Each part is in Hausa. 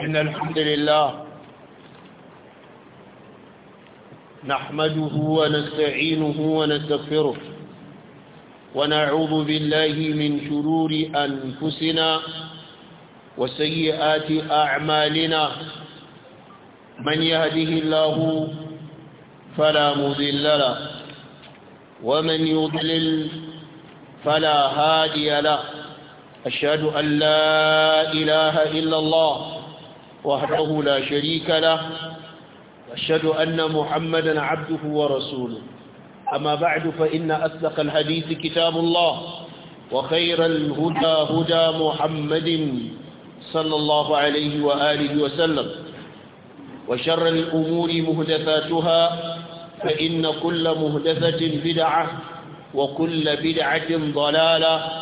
إن الحمد لله نحمده ونستعينه ونستغفره ونعوذ بالله من شرور أنفسنا وسيئات أعمالنا من يهده الله فلا مذل له ومن يضلل فلا هادي له أشهد أن لا إله إلا الله وحده لا شريك له أشهد أن محمدا عبده ورسوله أما بعد فإن أصدق الحديث كتاب الله وخير الهدى هدى محمد صلى الله عليه وآله وسلم وشر الأمور مهدثاتها فإن كل مهدثة بدعة وكل بدعة ضلالة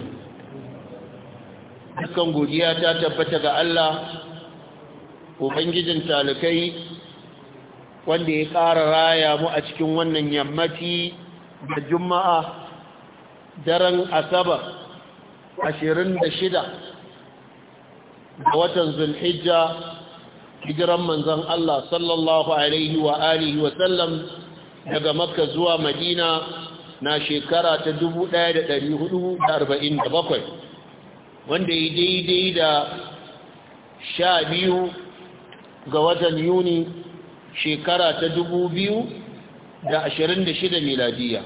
dukkan godiya ta tabbata ga Allah ubangijin talikai wanda ya ƙara raya mu a cikin wannan yammaci da juma'a daren asabar 26 ga watan zulhijja hijiran manzan Allah sallallahu alaihi wa alihi wa sallam daga makka zuwa madina na shekara ta 1447 wanda ya daidai da sha biyu ga watan yuni shekara ta dubu biyu da ashirin da shida miladiya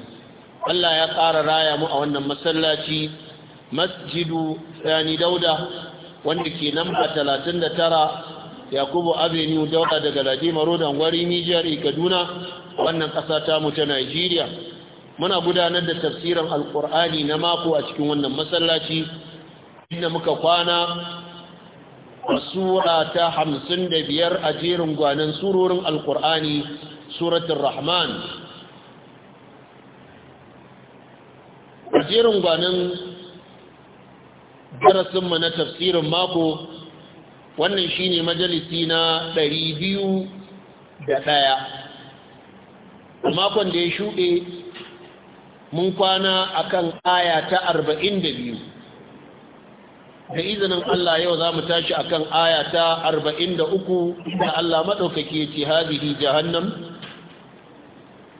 Allah ya ƙara raya mu a wannan masallaci masjidu tsani dauda wanda ke namba talatin da tara yakubu avenue dauda daga ladima da gwari nijar kaduna wannan ƙasa ta mu ta nigeria muna gudanar da tafsirin alƙur'ani na mako a cikin wannan masallaci inda muka kwana a sura ta hamsin da biyar a jerin gwanin surorin alkur'ani suratun rahman a jerin gwanin darasinmu na tafsirin mako wannan shine majalisi na ɗari biyu da ɗaya. makon da ya shuɗe mun kwana akan aya ta arba'in da biyu. da izinin Allah yau za mu tashi akan aya ta 43 da Allah madaukake ce hadihi jahannam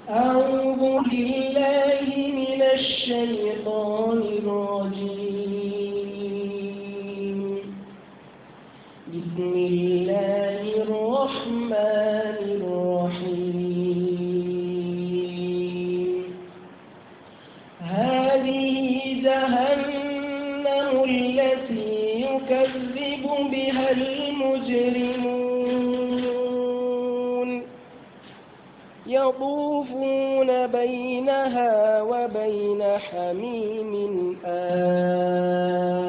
أعوذ بالله من الشيطان الرجيم بسم الله يطوفون بينها وبين حميم آن آه.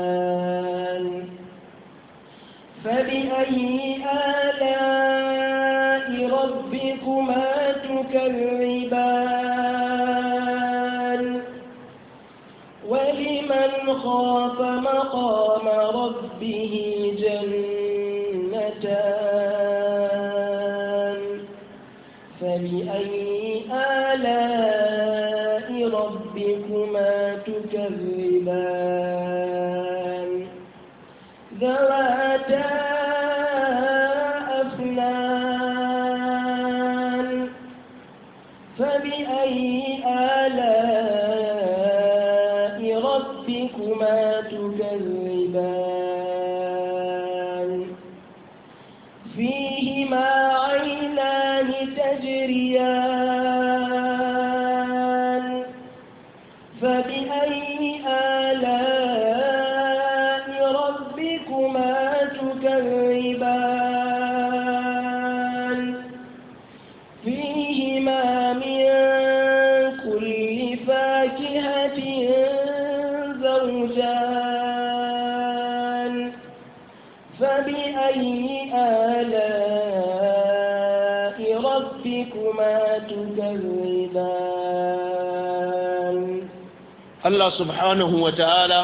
تكذبان ذواتا subhanahu wa ta'ala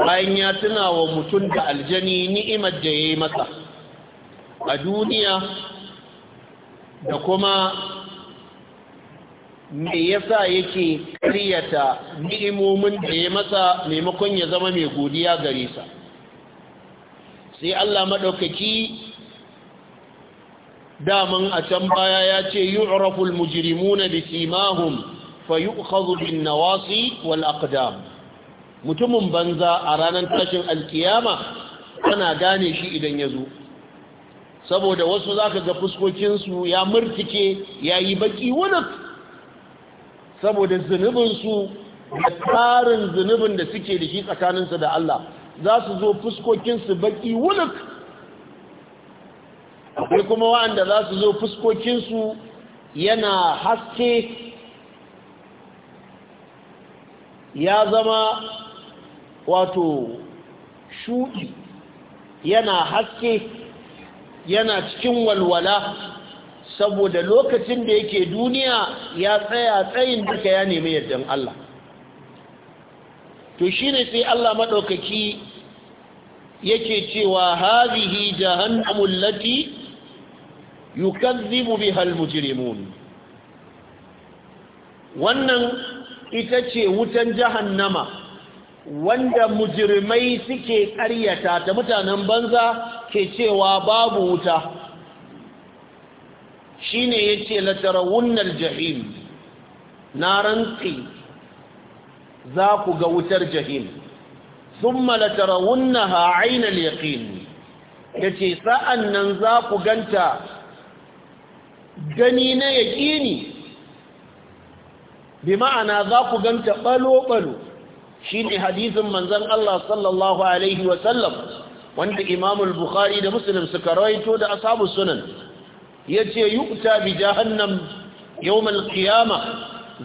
bayan ya tuna wa mutum da aljani ni'imar da ya yi masa a duniya da kuma me yasa yake karyata ni'imomin da ya masa maimakon ya zama mai godiya gare sa sai Allah maɗaukaki daman a can baya ya ce yu'raful mujrimuna bisimahun fayu'khadhu bin nawasi wal aqdam mutumin banza a ranar tashin alkiyama ana gane shi idan ya zo saboda wasu zaka ga fuskokinsu ya murtike ya yi baki wani saboda zunubinsu da tsarin zunubin da suke da shi tsakaninsu da Allah za su zo fuskokinsu baki wuluk akwai kuma wa'anda za su zo fuskokinsu yana haske ya zama wato shuɗi yana haske yana cikin walwala saboda lokacin da yake duniya ya tsaya tsayin duka ya nemi yardan Allah to shine sai Allah madaukaki yake cewa hazihi jahannamu lati yukazzibu biha almujrimun wannan ita ce wutan jahannama wanda mujirmai suke ƙaryata ta mutanen banza ke cewa babu wuta shine yace latarawunnal jahim na rantsi za ku ga wutar jahim thumma latarawunnaha aynal yaqin yace sa'an nan za ku ganta gani na yaqini bi ma'ana za ku ganta balo balo shi ne hadisin manzan Allah sallallahu Alaihi wasallam wanda imamul bukhari da musulun suka rawaito da asabu sunan ya ce yi kuta bi jahannam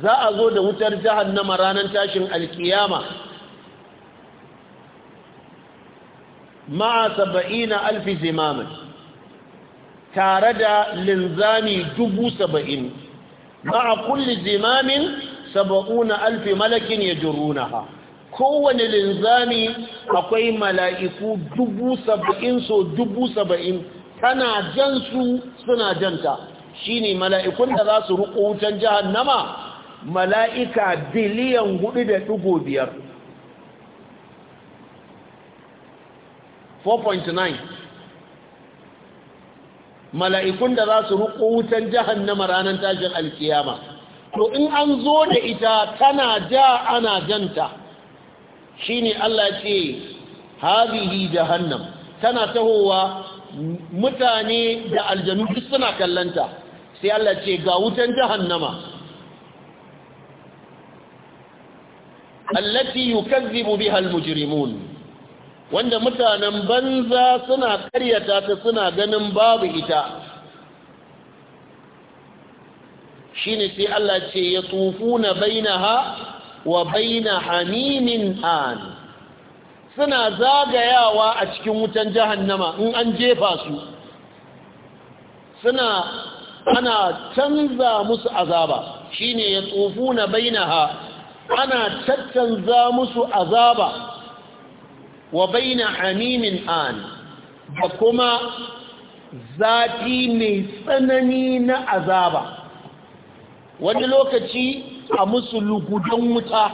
za a zo da wutar jahannama ranar tashin alkiyama ma'a saba'ina alfi zimamin tare da linzami dubu saba'in ma'a kulli zimamin na alfi malakin ya jirunaha kowane linzami akwai mala'iku dubu saba'in so dubu saba'in tana jan suna janta shi ne mala'ikun da za su ruƙo jihar nama mala'ika biliyan hudu da ɗigo biyar 4.9 mala'ikun da za su ruko wutan jahannama ranar tashin alkiyama to in an zo da ita tana ja ana janta shine Allah ce hazihi jahannam tana tahowa mutane da aljanu duk suna kallanta sai Allah ce ga wutan jahannama allati yukazzibu biha almujrimun wanda mutanen banza suna karyata ta suna ganin babu ita shine sai Allah ce ya tufuna bainaha wa baina an suna zagayawa a cikin wutan jahannama in an jefa su suna ana canza musu azaba shine ya na bainaha ana caccanza musu azaba wa baina hamimin an da kuma zafi mai tsanani na azaba wani lokaci a musu lugudan wuta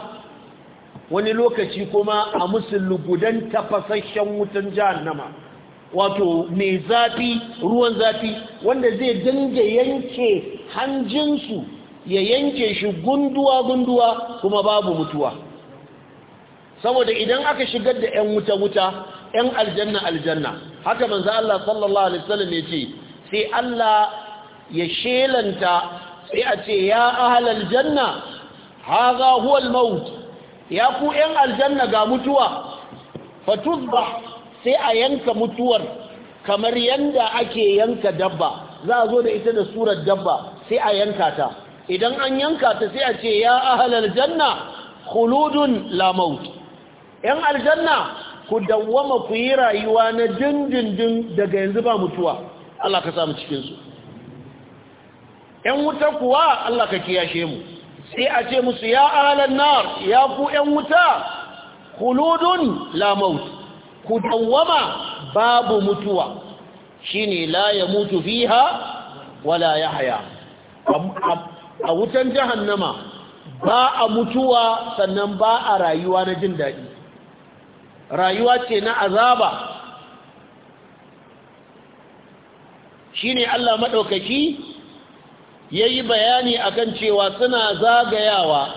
wani lokaci kuma a musu lugudan tafasasshen wutan jahannama wato mai zafi ruwan zafi wanda zai dinga yanke hanjinsu ya yanke shi gunduwa-gunduwa kuma babu mutuwa saboda idan aka shigar da 'yan wuta-wuta 'yan aljanna-aljanna haka manza Allah sallallahu alaihi wasallam ya ce sai Allah ya shelanta sai a ce ya ahlal janna haza huwa ya ku 'yan aljanna ga mutuwa fatuzbah sai a yanka mutuwar kamar yanda ake yanka dabba za a zo da ita da surar dabba sai a yanka ta idan an yanka ta sai a ce ya ahlal janna khuludun la maut 'yan aljanna ku dawwama ku yi rayuwa na dindindin daga yanzu ba mutuwa Allah ka samu cikinsu ‘yan wuta kuwa Allah ka kiyashe mu sai a ce musu ya alan nar ya ku ‘yan wuta kuludun lamaut ku dawwama babu mutuwa shine la ya mutu fiha wala ya haya a wutan jahannama ba a mutuwa sannan ba a rayuwa na jin daɗi rayuwa ce na azaba Shi ne Allah maɗaukaki ya yi bayani akan cewa suna zagayawa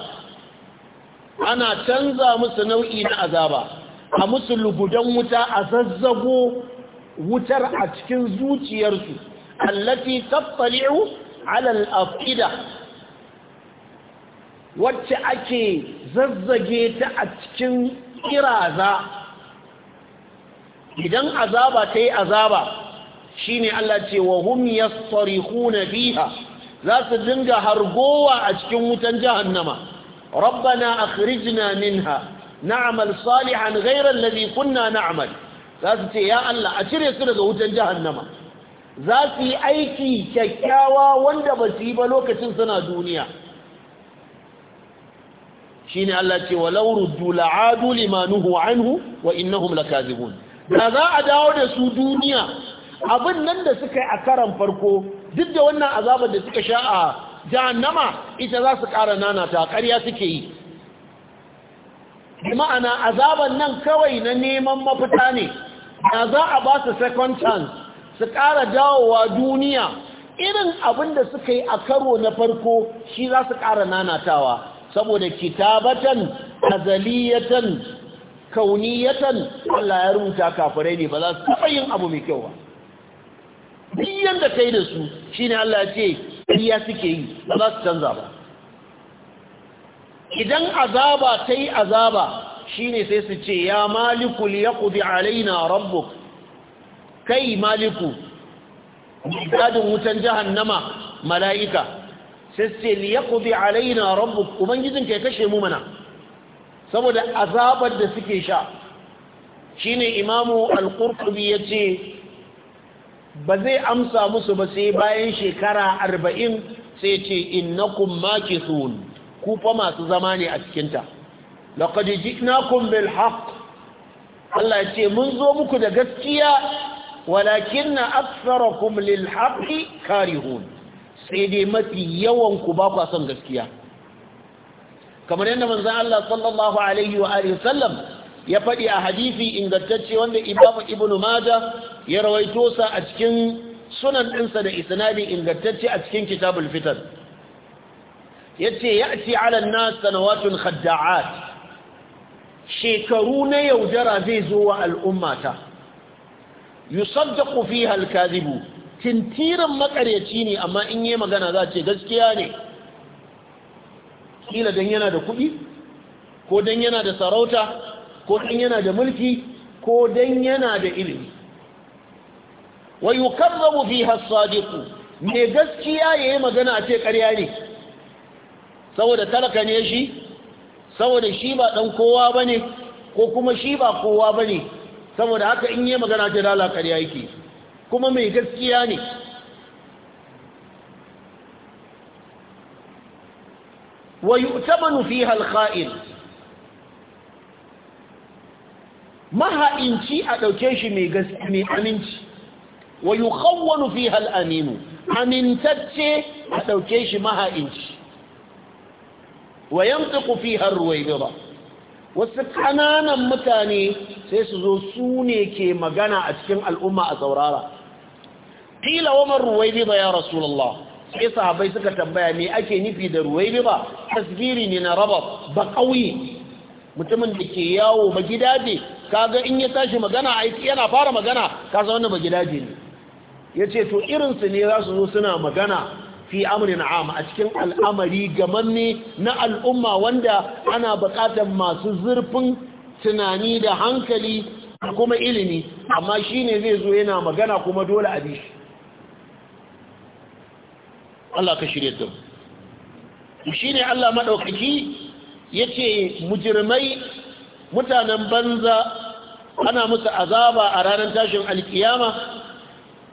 ana canza musu nau'i na azaba a musu lugudan wuta a zazzago wutar a cikin zuciyarsu allafi tattali'u alal afida wacce ake zazzage ta a cikin kiraza idan azaba ta yi azaba ne Allah ce wa hum na biya, za su dinga hargowa a cikin wutan jahannama rabbana akhrijna minha na'mal salihan gairar alladhi kunna na'mal za su ce ya Allah a cire su daga wutan jahannama za su yi aiki kyakkyawa wanda ba su yi ba lokacin suna duniya ne Allah ce walau ruddu la'adu limanuhu anhu wa innahum lakazibun da za a dawo da su duniya abin nan da suka yi a karan farko duk da wannan azabar da suka sha a jahannama ita za su ƙara nanata ƙarya suke yi ma'ana azaban nan kawai na neman mafita ne da za a ba su second chance su ƙara dawowa duniya irin abin da suka yi a karo na farko shi za su ƙara nanatawa saboda kitabatan azaliyatan kauniyatan Allah ya rubuta kafirai ne ba za su taɓa yin abu mai kyau ba duk yanda kai da su shine Allah ya ce ƙarya suke yi ba za su canza ba idan azaba ta yi azaba shine sai su ce ya maliku liyaqdi alaina rabbuk kai maliku gadin wutan jahannama mala'ika sai su ce liyaqdi alaina rabbuk ubangijin kai kashe mu mana saboda azabar da suke sha shine imamu al ya yace ba zai amsa musu ba sai bayan shekara arba'in sai ce innakum makithun ku kufa masu zama ne a cikinta laqad ji'nakum bil haqq Allah ya ce mun zo muku da gaskiya walakinna aktharakum lil haqqi karihun sai dai mafi yawan ku ba son gaskiya kamar yadda manzon Allah sallallahu alaihi wa alihi sallam ya faɗi a hadisi ingantacce wanda Imam Ibn Majah ya rawaito sa a cikin sunan ɗinsa da isnadi ingantacce a cikin kitabul fitan yace ya'ti 'ala an-nas sanawatun khadda'at shekaru na yaudara zai zo wa al'ummata yusaddaqu fiha al halkazibu. tintiran makaryaci ne amma in yi magana za ce gaskiya ne kila dan yana da kuɗi ko don yana da sarauta ko don yana da mulki ko dan yana da ilimi wa yukazzabu fi as me gaskiya yayi magana a ce ƙarya ne saboda talaka ne shi saboda shi ba dan kowa bane ko kuma shi ba kowa bane saboda haka in yi magana ta dala ƙarya yake kuma mai gaskiya ne ويؤتمن فيها الخائن maha'inci a ɗauke shi mai aminci wa yi kawwanu fi aminu amintacce a ɗauke shi maha'inci wa yamtaku fi harwai gaba wasu ƙananan mutane sai su zo su ne ke magana a cikin al'umma a saurara ƙila wa marruwai ya rasulallah sai sahabai suka tambaya me ake nufi da ba. tasgiri ne na raba ba ƙauye mutumin da ke yawo ba gidaje kaga in ya tashi magana aiki yana fara magana ka san wannan ba gidaje ne yace to irin su ne za su zo suna magana fi amrin am a cikin al'amari gamanne na al'umma wanda ana buƙatar masu zurfin tunani da hankali da kuma ilimi amma shine zai zo yana magana kuma dole a bi Allah ka shirye da mu shi ne Allah maɗaukaki ya ce mujirmai mutanen banza ana musu azaba a ranar tashin alkiyama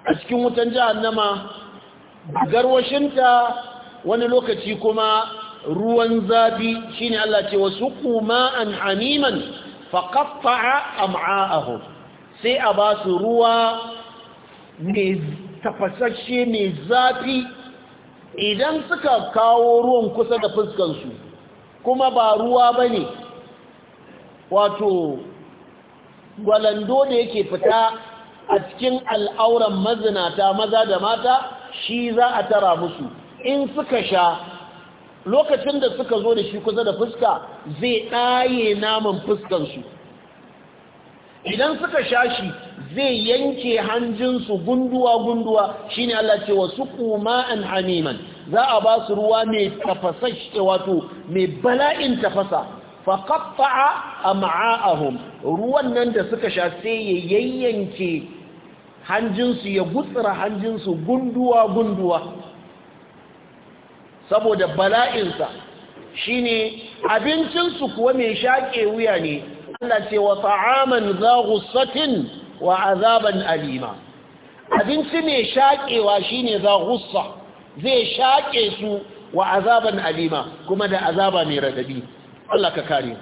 a cikin wutan Nama. garwashinta wani lokaci kuma ruwan zafi shine Allah ce wasu kuma an hamiman a am'a'ahu sai a ba su ruwa mai tafasashe mai zafi idan suka kawo ruwan kusa da fuskansu kuma ba ruwa ba ne wato gwalando da yake fita a cikin al'auran mazinata maza da mata shi za a tara musu in suka sha lokacin da suka zo da shi kusa da fuska zai ɗaye naman fuskansu idan suka sha shi zai yanke hanjinsu gunduwa-gunduwa shi ne Allah ce wasu kuma an hamiman za a ba su ruwa mai tafasa shi wato mai bala'in tafasa faƙaƙa a ma'a'ahun ruwan nan da suka sha sai ya yayyanke hanjinsu ya gutsura hanjinsu gunduwa-gunduwa saboda bala'insa shi ne abincinsu kuwa mai shaƙe wuya ne Allah ce wa ta'aman za wa azaban alima abinci mai shaƙewa shine za gussa zai shaƙe su wa azaban alima kuma da azaba mai radabi Allah ka kare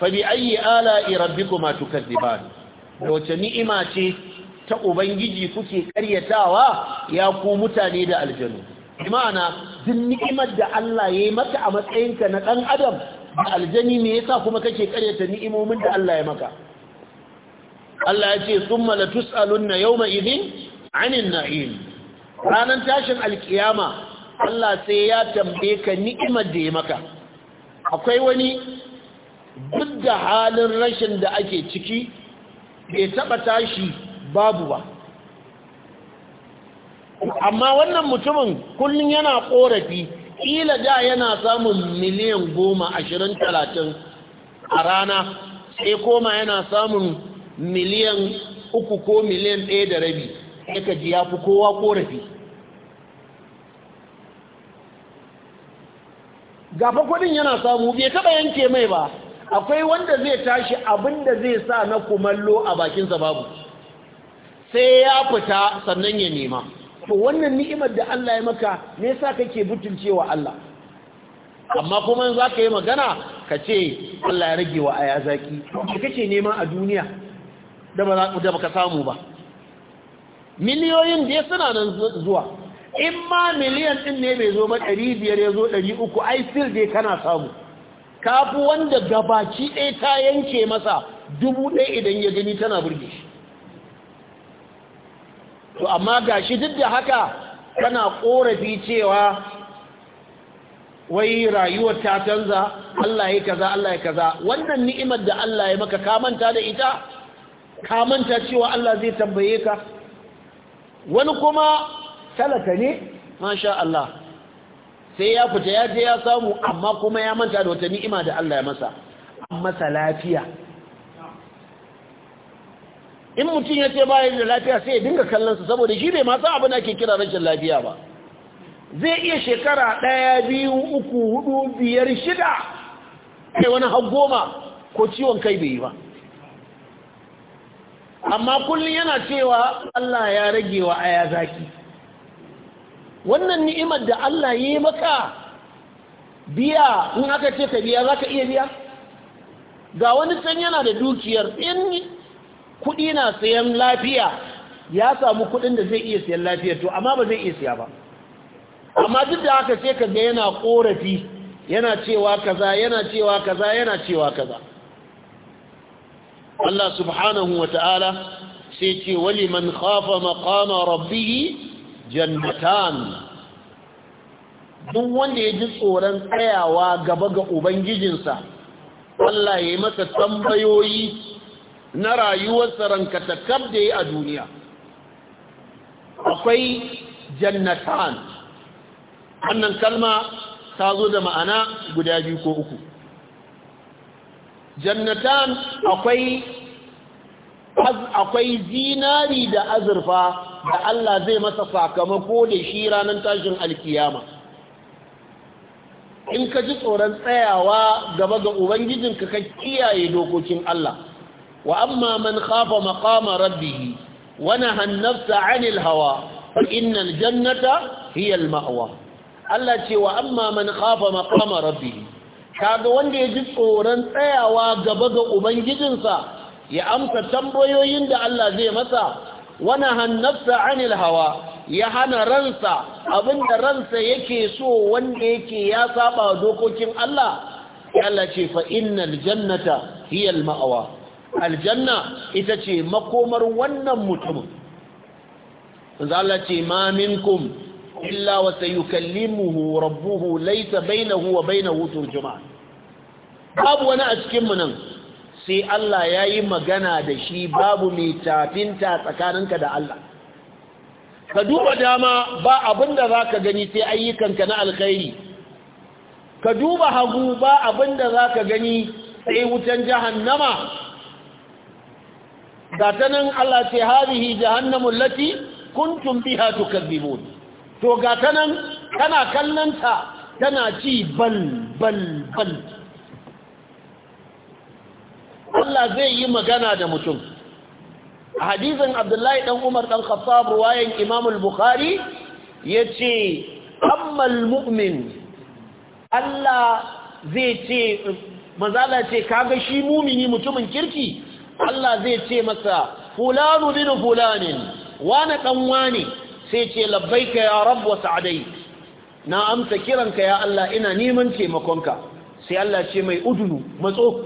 fa bi ayi ala'i rabbikuma tukadziban da wace ni'ima ce ta ubangiji kuke karyatawa ya ku mutane da aljanu imana duk ni'imar da Allah yi maka a matsayinka na ɗan adam da aljani ne yasa kuma kake karyata ni'imomin da Allah ya maka Allah ya ce summa yau yawma idhin 'anil na'im ranan tashin alkiyama Allah sai ya tambaye ka ni'imar da ya maka akwai wani duk da halin rashin da ake ciki bai taba tashi babu ba amma wannan mutumin kullum yana korafi ƙila da yana samun miliyan goma ashirin talatin a rana sai koma yana samun miliyan uku ko miliyan ɗaya da rabi sai ka ji ya fi kowa korafi gafa kudin yana samu bai taɓa yanke mai ba akwai wanda zai tashi abin da zai sa na kumallo a bakinsa babu sai ya fita sannan ya nema to wannan ni'imar da Allah ya maka me yasa kake butulcewa Allah amma kuma in ka yi magana ka ce Allah ya rage wa aya zaki me kake nema a duniya da ba ka samu ba miliyoyin da suna nan zuwa in ma miliyan ɗin ne mai zo ba ɗari biyar ya zo ɗari uku ai still dai kana samu kafu wanda gabaci ɗaya ta yanke masa dubu ɗaya idan ya gani tana burge shi to amma ga shi duk da haka kana ƙorafi cewa wai rayuwar ta canza Allah ya kaza Allah ya kaza wannan ni'imar da Allah ya maka ka manta da ita ka manta cewa Allah zai tambaye ka wani kuma talaka ne masha Allah sai ya fita ya je ya samu amma kuma ya manta da wata ni'ima da Allah ya masa amma sa lafiya in mutum ya ce bayan da lafiya sai ya dinga kallonsa saboda shi bai masu abin da ke kira rashin lafiya ba zai iya shekara ɗaya biyu uku hudu biyar shida kai wani har goma ko ciwon kai bai yi ba amma kullum yana cewa Allah ya rage wa aya zaki wannan ni'imar da Allah ya yi maka biya in aka ce ka biya za ka iya biya ga wani can yana da dukiyar in kuɗi na sayan lafiya ya samu kuɗin da zai iya sayan lafiya to amma ba zai iya siya ba amma duk da aka ce ka ga yana korafi yana cewa kaza yana cewa kaza yana cewa kaza Allah subhanahu wa ta'ala sai ce wali man khafa maqama rabbihi jannatan duk wanda ya ji tsoron tsayawa gaba ga ubangijinsa Allah ya yi masa tambayoyi na rayuwarsa rankatakab da ya a duniya akwai jannatan wannan kalma ta zo da ma'ana guda biyu ko uku jannatan akwai akwai zinari da azurfa da Allah zai masa sakamako da shi ranar tashin alkiyama in ka ji tsoron tsayawa gaba ga Ubangijin ka kiyaye dokokin Allah wa amma man khafa maqama rabbih wa naha an-nafsa 'anil hawa fa innal jannata hiya al-ma'wa Allah ce wa amma man khafa maqama rabbih kaga wanda ya ji tsoron tsayawa gaba ga ubangijinsa ya amsa tambayoyin da Allah zai masa wani hannafsa anil hawa ya hana ransa abinda ransa yake so wanda yake ya saba dokokin Allah Allah ce fa innal jannata ma'awa aljanna ita ce makomar wannan mutum Allah ce ma minkum illa wa sayukallimuhu rabbuhu laysa bainahu wa bainahu turjuman babu wani a cikin mu nan sai Allah yayi magana da shi babu mai tafinta tsakaninka da Allah ka duba dama ba abinda zaka gani sai ayyukanka na alkhairi ka duba hagu ba abinda zaka gani sai wutan jahannama gata nan Allah ce hadihi jahannamu lati kuntum biha tukadzibun to ga ta nan tana kallonta tana ci bal bal bal Allah zai yi magana da mutum a hadisin abdullahi ɗan umar ɗan khattab ruwayan imamul bukhari ya ce ammal mu'min Allah zai ce mazala ce kaga shi mumini mutumin kirki Allah zai ce masa fulanu bin fulanin wane ɗan wane sai ce ka ya rabu wasu adai na amsa kiranka ya Allah ina neman taimakonka sai Allah ce mai udunu matso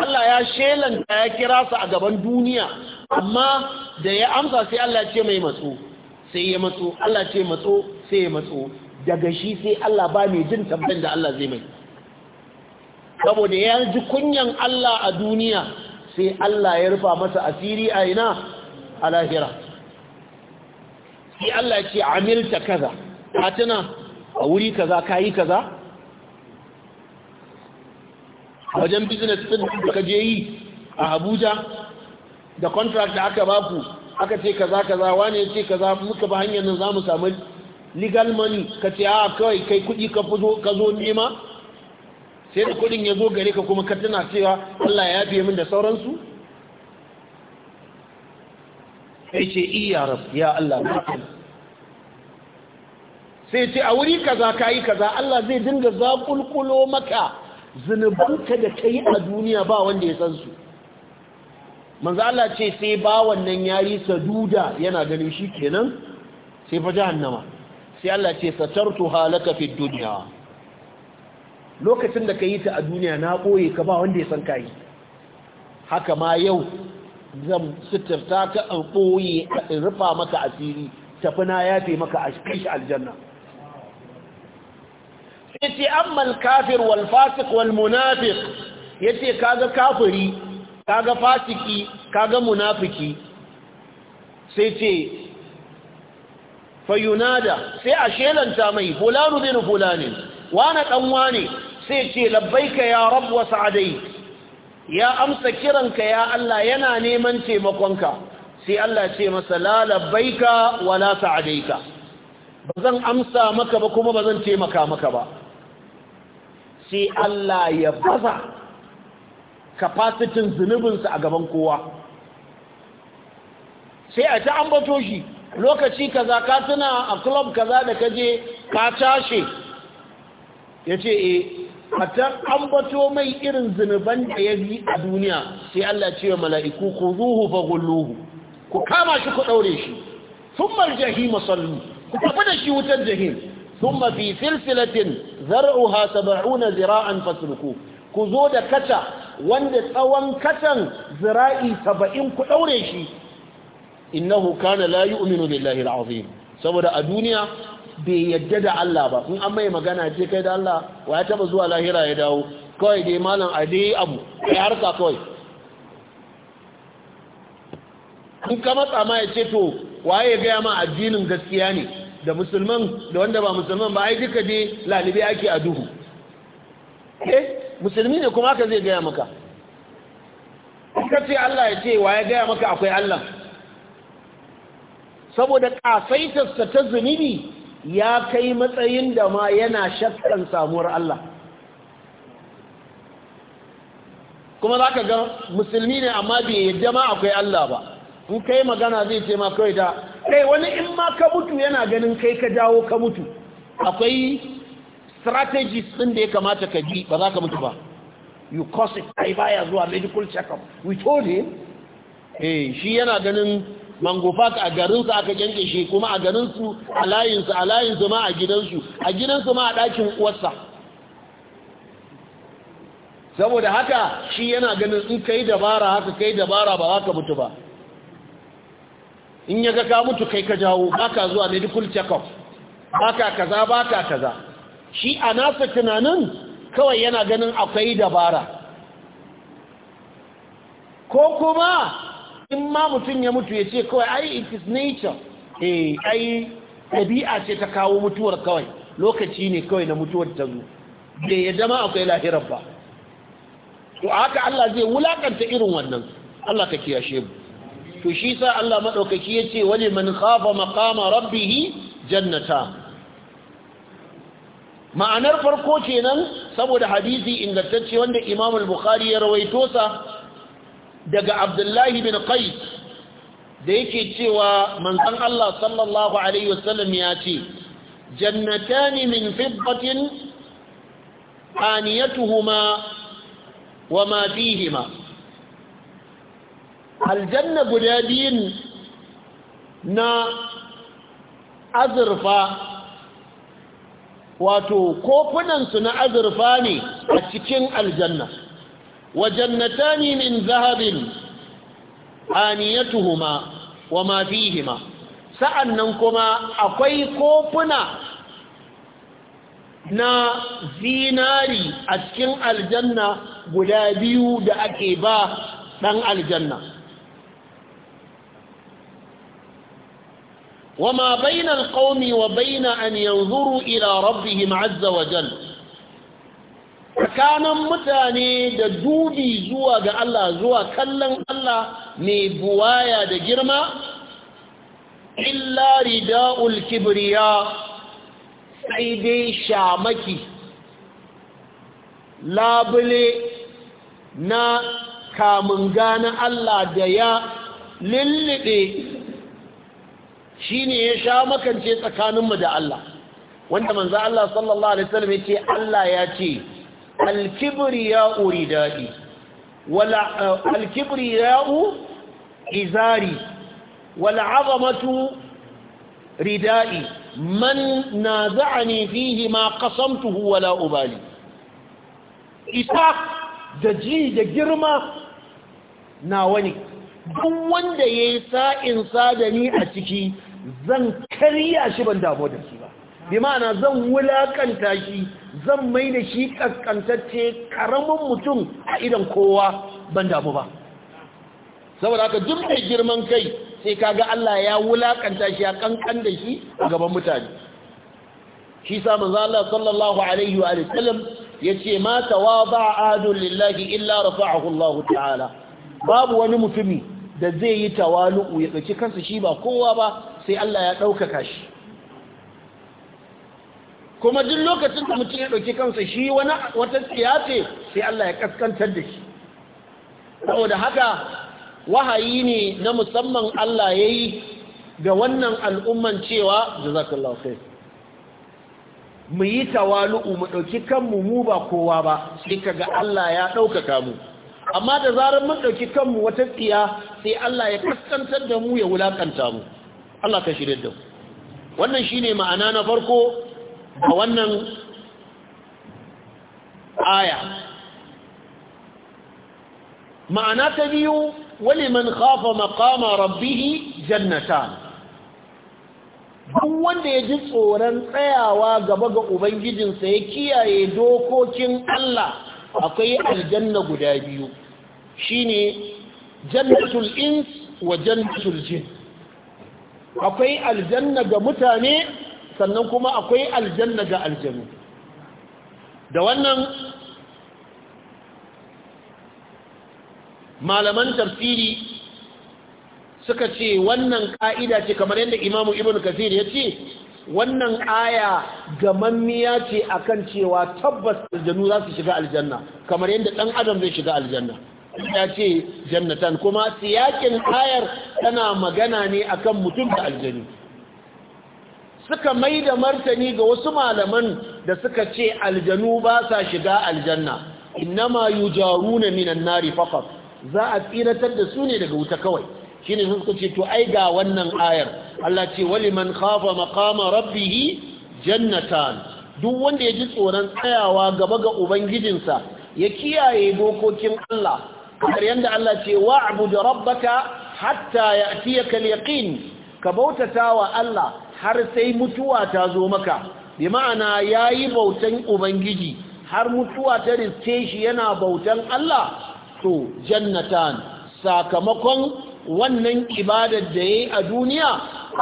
Allah ya shelanta ya kira su a gaban duniya amma da ya amsa sai Allah ce mai matso sai ya matso Allah ce matso sai ya matso daga shi sai Allah ba mai jin tambayin da Allah zai mai saboda ya ji kunyan Allah a duniya sai Allah ya rufa masa asiri a ina a lahira sai Allah ya ce amilta kaza ka tuna a wuri kaza kayi kaza wajen business din da ka je yi a Abuja da contract da aka baku aka ce kaza kaza wani ya ce kaza muka ba hanyar nan zamu samu legal money ka ce a ah, kawai kai kudi ka fito ka zo nema sai da kudin ya zo gare ka kuma ka tuna cewa Allah ya biye min da sauransu sai ce iya rab ya Allah mutum sai ce a wuri kaza ka yi kaza Allah zai dinga zaƙulƙulo maka zunubanka da ka yi a duniya ba wanda ya san su manzu Allah ce sai ba wannan yari saduda yana ganin shi kenan sai fa jahannama sai Allah ce satartu halaka fi duniya lokacin da ka yi ta a duniya na ɓoye ka ba wanda ya san ka yi haka ma yau zan suturta ka in ɓoye in rufa maka asiri tafi na yafe maka a shi aljanna yace ammal kafir wal fasiq wal munafiq yace kaga kafiri kaga fasiki kaga munafiki sai ce fayunada sai a shelanta mai fulanu bin fulanin wani dan wane sai ce labbaika ya rabu wa sa'adai ya amsa kiranka ya Allah yana neman taimakonka sai Allah ce masa la labbaika wala sa'adaika bazan amsa maka ba kuma bazan taimaka maka ba sai Allah ya baza kafasitin zunubinsa a gaban kowa sai a ta ambato shi lokaci kaza ka tuna a club kaza da kaje ka tashe yace eh a ta ambato mai irin zunuban da ya yi a duniya sai Allah ce wa mala'iku ku zuhu fa gulluhu ku kama shi ku ɗaure shi sun marjahi masallu ku tafi da shi wutar jahim sun mafi silsilatin zar'uha saba'una zira'an fasulku ku zo da kata wanda tsawon katan zira'i saba'in ku ɗaure shi innahu kana la yu'minu billahi al'azim saboda a duniya bai yadda da Allah ba in an mai magana ce kai da Allah wa ya taba zuwa lahira ya dawo kawai dai malam a dai abu ya harka kawai in ka matsa ma ya ce to waye gaya ma addinin gaskiya ne da musulman da wanda ba musulman ba ai duka dai lalibi ake a duhu eh musulmi ne kuma haka zai gaya maka ka ce Allah ya ce waye gaya maka akwai Allah saboda kasaitarsa ta zunubi ya kai matsayin da ma yana shakkan samuwar Allah kuma za ka ga musulmi ne amma bai yadda ma akwai Allah ba in kai magana zai ce ma kawai da kai wani in ma ka mutu yana ganin kai ka dawo ka mutu akwai strategies ɗin da ya kamata ka ji ba za ka mutu ba you cause it kai baya zuwa medical check-up we told him eh shi yana ganin mangofa a garinsu aka kyanke kuma a garinsu a layinsu a layinsu ma a gidansu a gidansu ma a ɗakin uwarsa saboda haka shi yana ganin in kai dabara haka kai dabara ba haka mutu ba in ya ga ka mutu kai ka jawo baka zuwa medical check-up baka kaza ba ka kaza shi a nasa tunanin kawai yana ganin akwai dabara ko kuma in ma mutum ya mutu ya ce kawai ai it is nature eh ai ɗabi'a ce ta kawo mutuwar kawai lokaci ne kawai na mutuwar ta zo bai ya zama akwai lahirar ba to haka Allah zai wulakanta irin wannan Allah ka kiyashe mu to shi sa Allah madaukaki yace wali man khafa maqama rabbih jannata ma'anar farko kenan saboda hadisi ingantacce wanda Imam al-Bukhari ya rawaito sa daga abdullahi bin qais da yake cewa manzon Allah sallallahu alaihi wasallam ya ce jannatani min fiddatin aniyatuhuma wa ma fihima aljanna guda biyun na azurfa wato kofunansu na azurfa ne a cikin aljanna وجنتان من ذهب آنيتهما وما فيهما سأنكما أقوي كوفنا نا زيناري أسكن الجنة غلابيو دأكيبا من الجنة وما بين القوم وبين أن ينظروا إلى ربهم عز وجل tsakanin mutane da dubi zuwa ga Allah zuwa kallon Allah mai buwaya da girma illa rida'ul kibriya sai dai shamaki labule na kamun gane Allah da ya lullube shi ne ya sha makance tsakaninmu da Allah wanda manzo Allah sallallahu alaihi wasallam ya ce Allah ya ce alkibriyau ridadi wala eh, alkibriyau izari wala azamatu ridai man naza'ani fihi ma qasamtuhu wala ubali isa da ji da girma na wani duk wanda yayi sa'in sa da ni a ciki zan kariya shi ban damu da shi bi ma'ana zan wulakanta shi zan mai da shi kaskantacce karamin mutum a idan kowa ban damu ba saboda haka duk mai girman kai sai kaga Allah ya wulakanta shi ya kankan da shi a gaban mutane shi samu zala sallallahu alaihi wa sallam ce ma a adu lillahi illa a Allah ta'ala babu wani mutumi da zai yi tawalu'u ya ɗauki kansa shi ba kowa ba sai Allah ya ɗaukaka shi kuma duk lokacin da mutum ya ɗauki kansa shi wani wata tsiya ce sai Allah ya kaskantar da shi saboda haka wahayi ne na musamman Allah ya yi ga wannan al'umman cewa jazakallahu khair mu yi tawalu'u mu ɗauki kanmu mu ba kowa ba sai kaga Allah ya ɗaukaka mu amma da zarar mun ɗauki kanmu wata tsiya sai Allah ya kaskantar da mu ya wulakanta mu Allah ka shirye da mu wannan shine ma'ana na farko a wannan aya ma'ana ta biyu wani man kafa makama rabbihi jannatan duk wanda ya ji tsoron tsayawa gaba ga ubangijinsa ya kiyaye dokokin Allah akwai aljanna guda biyu shine jannatul ins wa jannatul jin akwai aljanna ga mutane sannan kuma akwai aljanna ga aljanu da wannan malaman tafsiri suka ce wannan ƙa'ida ce kamar yadda imamu ibn kasir ya ce wannan aya gamammiya ce akan cewa tabbas aljanu za su shiga aljanna kamar yadda ɗan adam zai shiga aljanna ya ce jannatan kuma siyakin ayar tana magana ne akan mutum da aljanu suka mai da martani ga wasu malaman da suka ce aljanu ba sa shiga aljanna innama yujaruna minan nari faqat za a tsiratar da su ne daga wuta kawai shine suka ce to ai ga wannan ayar Allah ce waliman khafa maqama rabbih jannatan duk wanda ya ji tsoron tsayawa gaba ga ubangijinsa ya kiyaye dokokin Allah kamar yanda Allah ce wa'bud rabbaka hatta ya'tiyaka al-yaqin ka bautata wa Allah har sai mutuwa ta zo maka bi ma'ana ya yi bautan ubangiji har mutuwa ta riske shi yana bautan Allah to jannatan sakamakon wannan ibadar da ya yi a duniya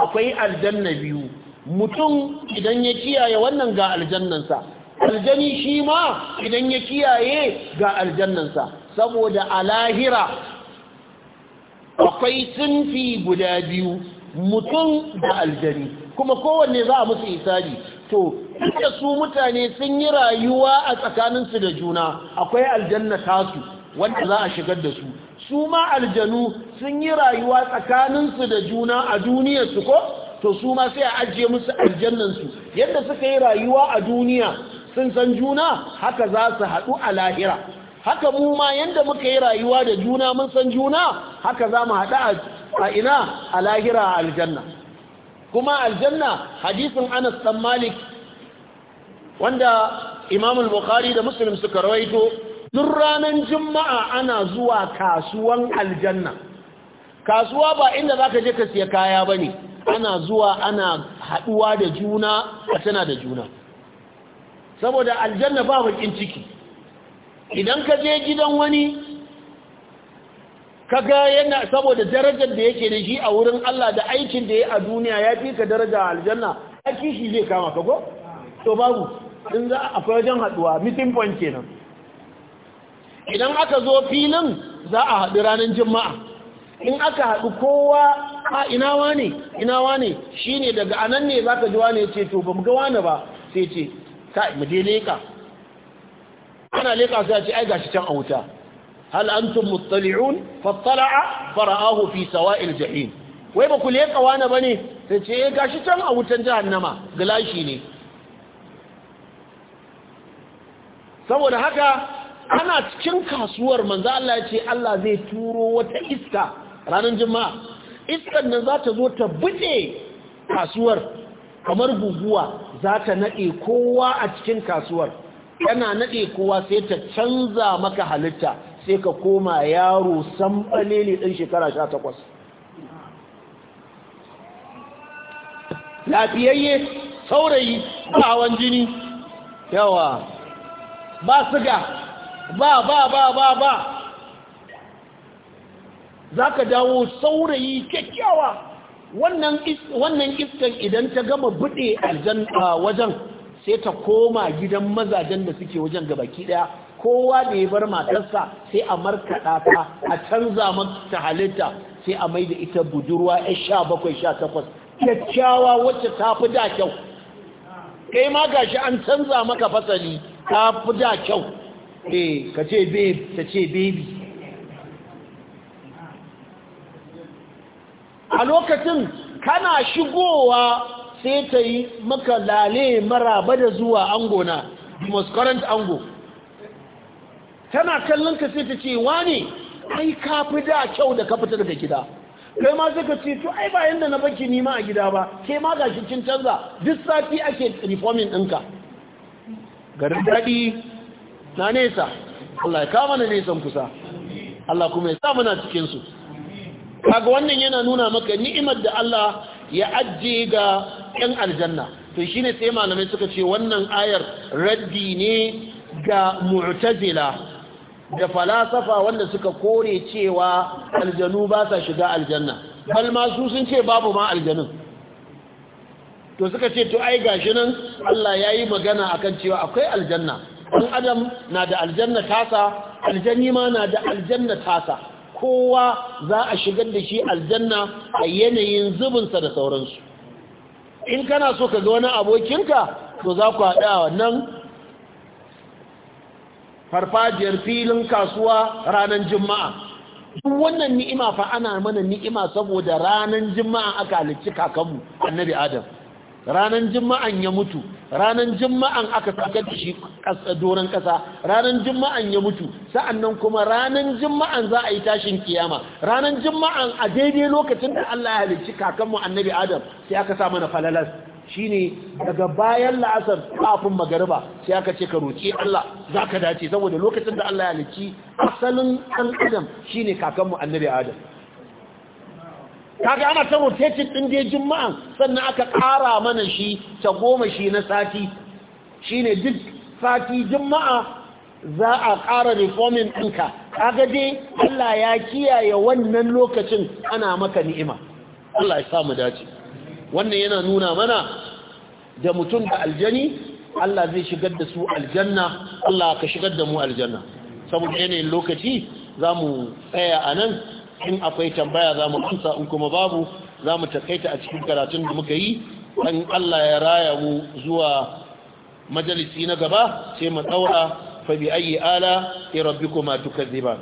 akwai aljanna biyu mutum idan ya kiyaye wannan ga aljannansa aljani shi ma idan ya kiyaye ga aljannansa saboda a lahira akwai sinfi guda biyu mutum da aljani kuma kowanne za a musu isabi to da su mutane sun yi rayuwa a tsakaninsu da juna akwai aljanna tasu wanda za a shigar da su su ma aljanu sun yi rayuwa tsakaninsu da juna a duniyarsu ko to su ma sai a ajiye musu aljannansu yadda suka yi rayuwa a duniya sun san juna haka za su haɗu a lahira haka mu ma yadda muka yi rayuwa da juna mun san juna haka za mu haɗu a ina a lahira a aljanna kuma aljanna hadisin anas dan malik wanda imam al-bukhari da muslim suka rawaito duk ranar juma'a ana zuwa kasuwan aljanna kasuwa ba inda zaka je ka siya kaya bane ana zuwa ana haduwa da juna a tana da juna saboda aljanna ba bakin ciki idan ka je gidan wani kaga yana saboda darajar da yake da shi a wurin Allah da aikin da ya a duniya ya fi ka daraja aljanna a kishi zai kama ka to babu in za a wajen haduwa meeting point kenan idan aka zo filin za a haɗu ranar juma'a in aka haɗu kowa a inawa ne inawa ne shine daga anan ne zaka ji wane ce to bamu ga wani ba sai ce kai mu je leka ana leka sai ce ai gashi can a wuta hal muttali'un fattala'a fara'ahu fi sawa'il jahim wai ba ku leka wani bane sai ce eh gashi can a wutan jihar Nama. gilashi ne saboda haka ana cikin kasuwar manzo Allah ya ce Allah zai turo wata iska ranar juma'a iskar nan za ta zo ta buɗe kasuwar kamar guguwa za ta naɗe kowa a cikin kasuwar yana naɗe kowa sai ta canza maka halitta sai ka koma yaro san sambalele ɗin shekara sha takwas lafiyayye saurayi ba hawan jini yawa ba siga ba ba ba ba ba za ka dawo saurayi kyakkyawa wannan iskan idan ta gama buɗe wajen sai ta koma gidan mazajen da suke wajen gabaki ɗaya kowa da ya bar matarsa sai a markaɗa ta a canza mata halitta sai a mai da ita budurwa ya sha bakwai sha takwas kyakkyawa wacce ta fi da kyau kai ma gashi an canza maka fasali ta fi da kyau eh ka ce babe ta ce baby a lokacin kana shigowa sai ta yi maka lale maraba da zuwa angona the most current angle tana kallon ka sai ta ce wani ai ka fi da kyau da ka fita daga gida kai ma suka ce to ai ba yanda na baki nima a gida ba kai ma gashi cin canza duk sati ake reforming ɗinka garin daɗi na nesa Allah ya kama na nesan kusa Allah kuma ya sa muna cikin su kaga wannan yana nuna maka ni'imar da Allah ya ajje ga 'yan aljanna to shine sai malamai suka ce wannan ayar raddi ne ga mu'tazila da falasafa wanda suka kore cewa aljanu ba sa shiga aljanna bal ma su sun ce babu ma aljanun to suka ce to ai gashi nan Allah ya yi magana akan cewa akwai aljanna ɗan adam na da aljanna tasa aljanni ma na da aljanna tasa kowa za a shigar da shi aljanna a yanayin zubinsa da sauransu in kana so ka ga wani abokinka to za ku haɗa wannan farfajiyar filin kasuwa ranar juma'a duk wannan ni'ima fa ana mana ni'ima saboda ranar juma'a aka halicci kakanmu annabi adam ranar juma'an ya mutu ranar juma'an aka sakar shi doron kasa ranar juma'an ya mutu sa'annan kuma ranar juma'an za a yi tashin kiyama ranar juma'an a daidai lokacin da Allah ya halicci kakanmu annabi adam sai aka sa mana falalas shine daga bayan la'asar kafin magariba sai aka ce ka roki Allah zaka dace saboda lokacin da Allah ya halici asalin dan adam shine kakanmu annabi adam kaga ana ta rotating din da juma'an sannan aka ƙara mana shi ta goma shi na sati shine duk sati juma'a za a ƙara reforming ɗinka kaga dai Allah ya kiyaye wannan lokacin ana maka ni'ima Allah ya samu dace wannan yana nuna mana da mutum da aljani Allah zai shigar da su aljanna Allah ka shigar da mu aljanna saboda yanayin lokaci za mu tsaya a nan in akwai tambaya za mu amsa in kuma babu za mu takaita a cikin karatun da muka yi ɗan Allah ya raya mu zuwa majalisi na gaba sai mu ɗaura fabi ayi ala ya rabbi kuma tukar ziba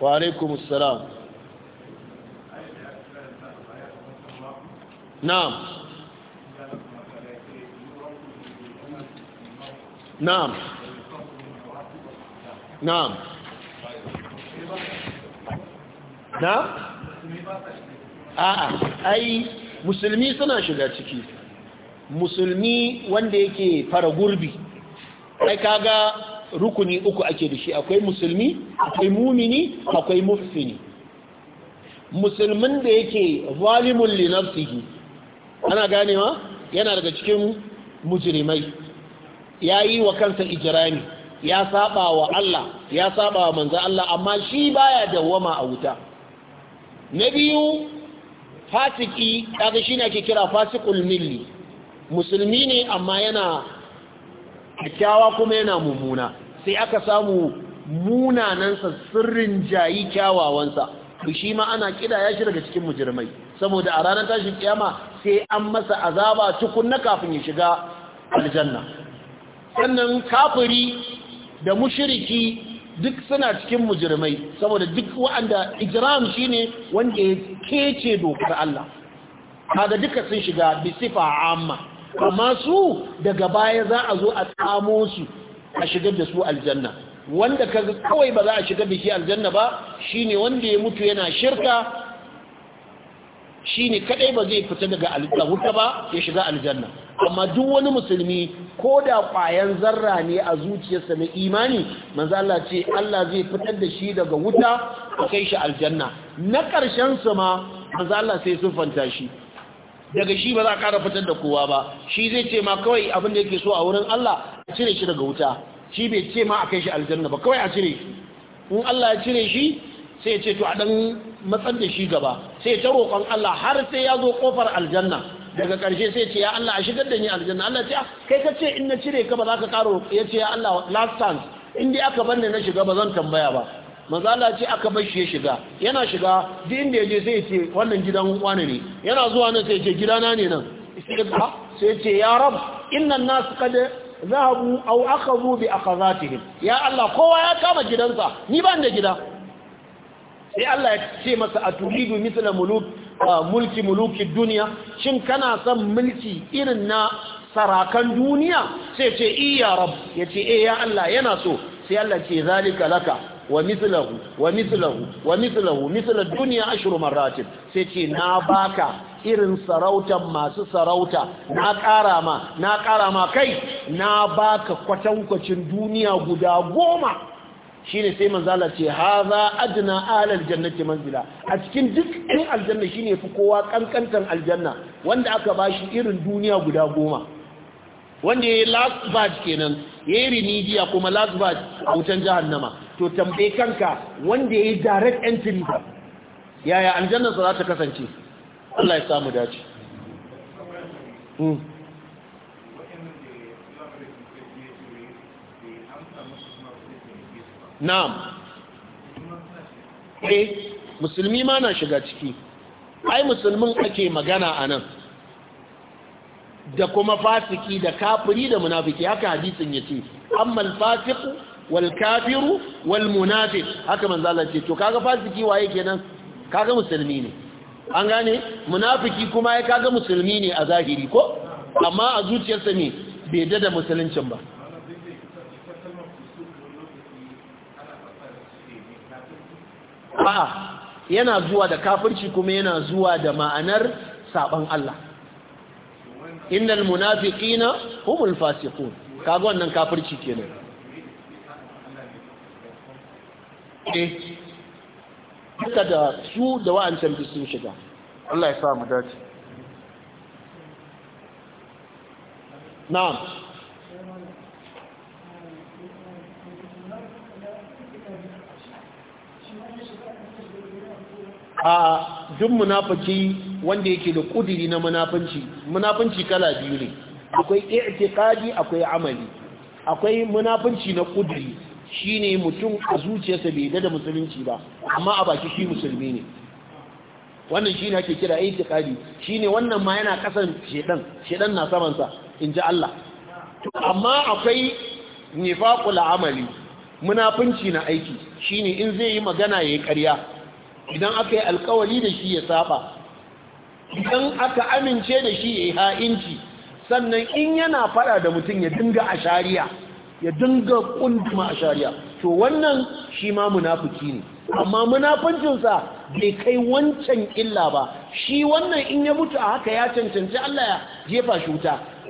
wa alaikumussalam na'am na'am na'am na'am ai musulmi suna shiga ciki musulmi wanda yake fara gurbi ai kaga rukuni uku ake da shi akwai musulmi akwai mumini akwai mufsini musulmin da yake zalimun li nafsihi ana ganewa yana daga cikin mujirimai ya yi wa kansa ijirami ya saba wa Allah ya saba wa manzan Allah amma shi baya da wama a wuta na biyu fasiki shi ne ake kira fasikul milli musulmi ne amma yana kyakkyawa kuma yana mummuna sai aka samu munanansa sirrin jayi kyawawansa to shi ma ana kida ya shi daga cikin mujirmai saboda a ranar tashin kiyama sai an masa azaba tukunna kafin ya shiga aljanna sannan kafiri da mushiriki duk suna cikin mujirmai saboda duk wa'anda ijram shine wanda ya kece dokar Allah kaga duka sun shiga bisifa amma amma su daga baya za a zo a tsamo su a shigar da su aljanna wanda kaga kawai ba za a shiga biki aljanna ba shine wanda ya mutu yana shirka shine kadai ba zai fita daga wuta ba ya shiga aljanna amma duk wani musulmi ko da kwayan zarra ne a zuciyarsa na imani manzala ce Allah zai fitar da shi daga wuta a kai shi aljanna na ƙarshen su ma manzala Allah sai fanta shi daga shi ba za a ƙara fitar da kowa ba shi zai ce ma kawai abin da yake so a wurin Allah a cire shi daga wuta shi bai ce ma a kai shi aljanna ba kawai a cire in Allah ya cire shi sai ya ce to a dan matsar da shi gaba sai ta roƙon Allah har sai ya zo kofar aljanna daga ƙarshe sai ce ya Allah a shigar da ni aljanna Allah ce ah, kai ka ce in na cire ka ba za ka karo ya ce ya Allah last chance in dai aka bar ni na shiga ba zan tambaya ba manzala ce aka bar shi ya shiga yana shiga duk inda ya je sai ce wannan gidan wani ne yana zuwa nan sai ce gidana ne nan sai ce ya rab innan nas qad zahabu aw akhadhu bi akhazatihim ya Allah kowa ya kama gidansa ni ban da gida sai Allah ya ce masa a turidu misla muluk ah, mulki duniya shin kana son mulki irin na sarakan duniya sai ce iya rab ya ce e ya Allah yana so sai Allah ce zalika laka wa wa mislahu wa mislahu misla duniya ashru maratib sai ce na baka irin sarautan masu sarauta na ƙara ma na ƙara ma kai na baka kwatankwacin duniya guda goma shine sai manzo Allah ce haza adna alal jannati manzila a cikin duk ɗin aljanna shine fi kowa kankantan aljanna wanda aka bashi irin duniya guda goma wanda yayi last batch kenan yayi rinidiya kuma last a wutan jahannama to tambaye kanka wanda yayi direct entry ba yaya sa za ta kasance Allah ya samu dace hmm. na'am eh musulmi ma na shiga ciki ai musulmin ake magana a nan da kuma fasiki da kafiri da munafiki haka hadisin ya ce ammal fasiku wal kafiru wal munafik haka manzala ce to kaga fasiki waye kenan kaga musulmi ne an gane munafiki kuma ya kaga musulmi ne a zahiri ko amma a zuciyarsa ne bai da musuluncin ba a'a yana zuwa da kafirci kuma yana zuwa da ma'anar saban Allah innal munafiqina humul fasiqun kaga wannan kafirci kenan eh duka da su da wa'ancan bi sun shiga Allah ya sa mu dace na'am a duk munafaki wanda yake da kudiri na munafanci munafanci kala biyu ne akwai i'tiqadi akwai amali akwai munafanci na kudiri shine mutum a zuciyarsa bai da musulunci ba amma a baki shi musulmi ne wannan shine ake kira i'tiqadi shine wannan ma yana kasan shedan shedan na saman sa inji Allah To amma akwai nifaqul amali munafunci na aiki shine in zai yi magana yayi ƙarya idan aka yi alkawali da shi ya saba idan aka amince da shi ya yi ha'inci sannan in yana fada da mutum ya dinga a shari'a ya dinga kunduma a shari'a to wannan shi ma munafuki ne amma munafuncinsa bai kai wancan illa ba shi wannan in ya mutu a haka ya cancanci Allah ya jefa shi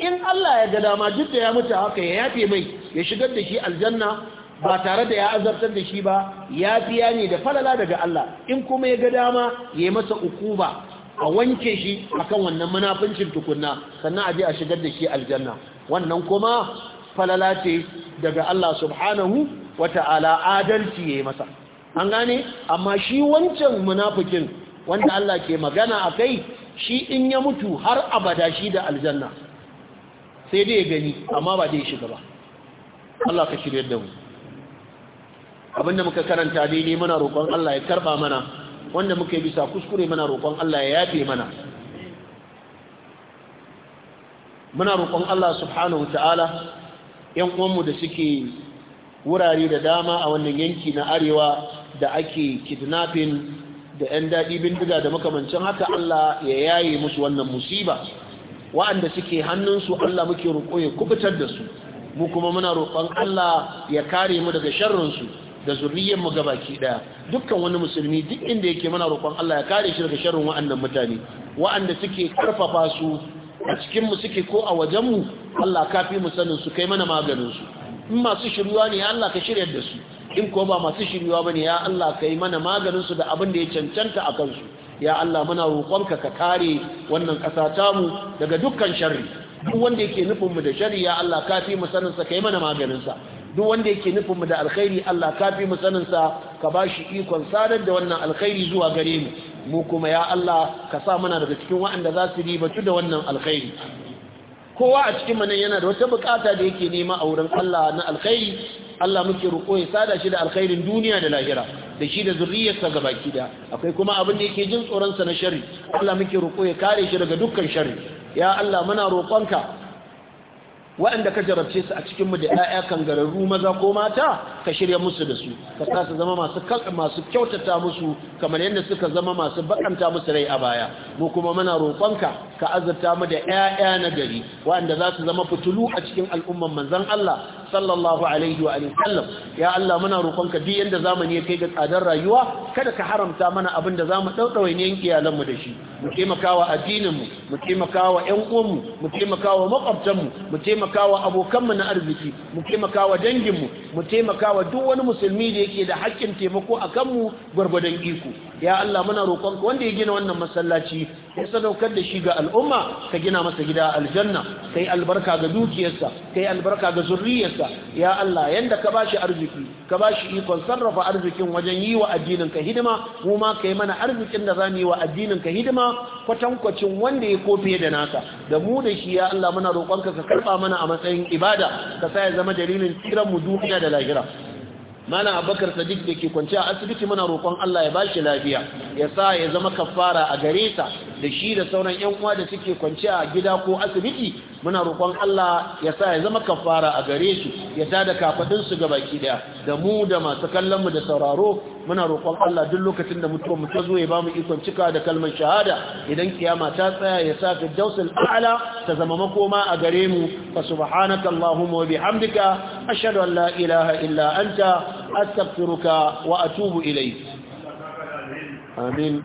in Allah ya ga dama duk da ya mutu a haka ya yafe mai ya shigar da shi aljanna ba tare da ya azabtar da shi ba ya fiya ne da falala daga Allah in kuma ya ga dama ya yi masa ukuba a wanke shi a kan wannan munafincin tukunna sannan a je a shigar da shi aljanna wannan kuma falala ce daga Allah subhanahu wata'ala adalci ya yi masa an gane amma shi wancan munafikin wanda Allah ke magana a kai shi in ya mutu har abada shi da aljanna sai dai ya gani amma ba dai shiga ba Allah ka shirye da mu abinda muka karanta daidai muna roƙon Allah ya karba mana wanda muka yi bisa kuskure muna roƙon Allah ya yafe mana muna roƙon Allah subhanahu ta'ala yan uwanmu da suke wurare da dama a wannan yanki na arewa da ake kidnapping da 'yan daɗi bindiga da makamancin haka Allah ya yaye musu wannan musiba wa'anda suke hannunsu Allah muke roƙo ya kubutar da su mu kuma muna roƙon Allah ya kare mu daga sharrinsu da zurriyar mu gabaki daya dukkan wani musulmi duk inda yake mana roƙon Allah ya kare shi daga sharrin wa'annan mutane wa'anda suke karfafa su a cikin mu suke ko a wajen mu Allah ka fi mu sanin su kai mana maganin su in masu shiryuwa ne ya Allah ka shirya da su in ko ba masu shiryuwa bane ya Allah kai mana maganin su da abin da ya cancanta a kansu ya Allah muna roƙonka ka kare wannan ƙasa mu daga dukkan sharri duk wanda yake nufin mu da shari ya Allah ka fi mu sanin sa kai mana maganin sa duk wanda yake nufin mu da alkhairi Allah ka fi mu sanin sa ka bashi ikon sadar da wannan alkhairi zuwa gare mu mu kuma ya Allah ka sa mana daga cikin waɗanda za su ribatu da wannan alkhairi kowa a cikin manan yana da wata bukata da yake nema a wurin Allah na alkhairi Allah muke roƙo ya sada shi da alkhairin duniya da lahira da shi da zurriyarsa gabaki da akwai kuma abin da yake jin tsoron sa na sharri Allah muke roƙo ya kare shi daga dukkan sharri ya Allah muna roƙonka waɗanda ka jarabce su a cikinmu da 'ya'ya kangararru maza ko mata ka shirya musu da su ka sa su zama masu masu kyautata musu kamar yadda suka zama masu baƙanta musu rai a baya mu kuma muna roƙonka ka azurta mu da ƴaƴa na gari wanda za su zama fitulu a cikin al'umman manzon Allah sallallahu alaihi wa sallam ya Allah muna roƙonka duk yanda zamani ya kai ga tsadar rayuwa kada ka haramta mana abin da zamu daudawaye ne iyalan mu da shi mu taimakawa addinin mu mu taimakawa ƴan uwan mu mu taimakawa makwabtan mu mu taimakawa abokan mu na arziki mu taimakawa dangin mu mu taimakawa duk wani musulmi da yake da haƙƙin taimako akan mu gwargwadon iko ya Allah muna roƙonka wanda ya gina wannan masallaci ya sadaukar da shi ga al'umma ka gina masa gida aljanna kai albarka ga dukiyarsa kai albarka ga zurriyarsa ya Allah yanda ka bashi arziki ka bashi ikon sarrafa arzikin wajen yi wa addinin ka hidima mu ma yi mana arzikin da zamu yi wa addinin ka hidima kwatankwacin wanda ya kofe da naka da mu da shi ya Allah muna roƙonka ka karɓa mana a matsayin ibada ka sa ya zama dalilin tsiran mu duniya da lahira mana abakar sadiq da ke kwanci a asibiti mana roƙon Allah ya bashi lafiya ya sa ya zama kafara a gare ta da shi da sauran yan uwa da suke kwanci a gida ko asibiti muna roƙon Allah ya sa ya zama kafara a gare su ya tada kafadin su baki daya da mu da masu kallon mu da sauraro muna roƙon Allah duk lokacin da mutuwa mu ta zo ya bamu ikon cika da kalmar shahada idan kiyama ta tsaya ya sa firdausul a'la ta zama makoma a gare mu fa subhanaka allahumma wa bihamdika ashhadu an la ilaha illa anta astaghfiruka wa atubu ilayk amin